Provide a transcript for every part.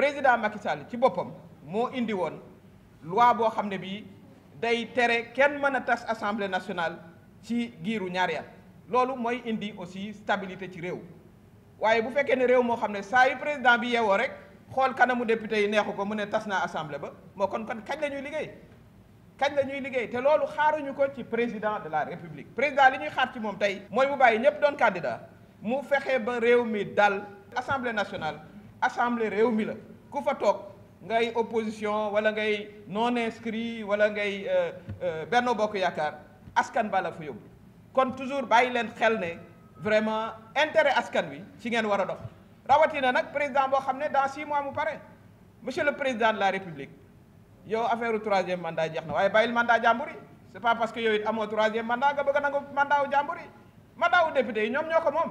président Macky Sall ci boppam moo indi woon loi boo xam ne bii day tere kenn mën a tas assemblée nationale ci giiru ñaari at loolu mooy indi aussi stabilité ci réew waaye bu fekkee ne réew moo xam ne saa yu président bi yeewoo rek xool kanamu député yi neexu ko mu ne tas naa assemblée ba moo kon kon kañ la ñuy liggéey kañ la ñuy liggéey te loolu xaaruñu ko ci président de la république président li ñuy xaar ci moom tey mooy mu bàyyi ñëpp doon candidat mu fexe ba réew mi dal assemblée nationale assemblée réew mi la ku fa toog ngay opposition wala ngay non inscrit wala ngay euh, euh, Benno Bokk Yaakaar askan bala fu fa yóbbu kon toujours bàyyi leen xel ne vraiment intérêt askan wi ci ngeen war a dox rawatina nag président boo xam ne dans six mois mu pare monsieur le président de la république yow affaire u troisième mandat jeex na waaye bàyyil mandat jàmbur yi c'est pas parce que yow it amoo troisième mandat nga bëgg a nangu mandat wu jàmbur yi mandat wu député yi ñoom ñoo ko moom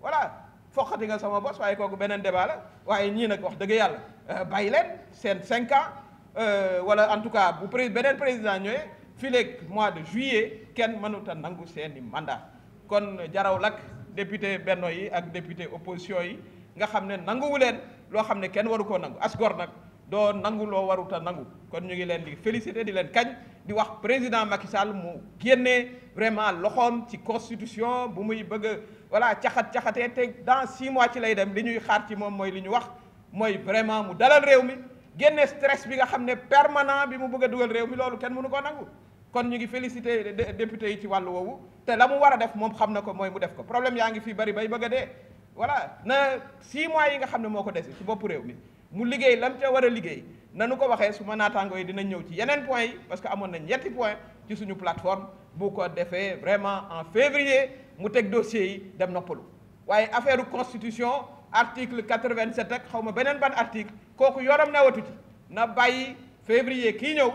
voilà foqati nga sama bos waaye kooku beneen débat la waaye ñii nag wax dëgg yàlla euh, bàyyi leen seen cinq ans euh, wala en tout cas bu pré beneen président ñëwee fileeg mois de juillet kenn mënuta nangu seen i mandat kon jaraw lak député benno yi ak député opposition yi nga xam ne nanguwu leen loo xam ne kenn waru koo nangu as gor nag doo nangu loo warut a nangu kon ñu ngi leen di félicité di leen kañ di wax président Macky Sall mu génnee vraiment loxoom ci constitution bu muy bëgg a voilà caxat caxatee te dans six mois ci lay dem li ñuy xaar ci moom mooy li ñu wax mooy vraiment mu dalal réew mi génne stress bi nga xam ne permanent bi mu bëgg a dugal réew mi loolu kenn mënu ko nangu. kon ñu ngi féliciter député yi ci wàll woowu te la mu war a def moom xam na ko mooy mu def ko problème yaa ngi fii bari bay bëgg a dee voilà na six mois yi xam ne moo ko dese ci bopp réew mi. mu liggéey lam ca war a liggéey na nanu ko waxee su ma naataangoo yi dinañ ñëw ci yeneen point yi parce que amoon nañ ñetti point ci suñu plateforme bu ko defee vraiment en février mu teg dossier yi dem noppalu waaye affaire constitution article 87 ak xaw ma beneen ban article kooku yoram na watu ci na bàyyi février kii ñëw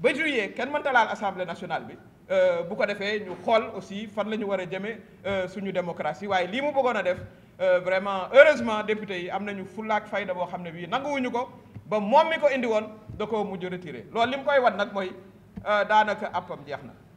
ba juillet kenn mënta laal assemblée nationale bi euh, bu ko defee ñu xool aussi fan la ñu war a jëmee euh, suñu démocratie waaye lii mu bëggoon a def Euh, vraiment heureusement député yi am nañu fulaak fayda boo xam ne bii nanguwuñu ko ba moom mi ko indi woon da koo mujj retiré loolu li mu koy wan nag mooy euh, daanaka àppam jeex na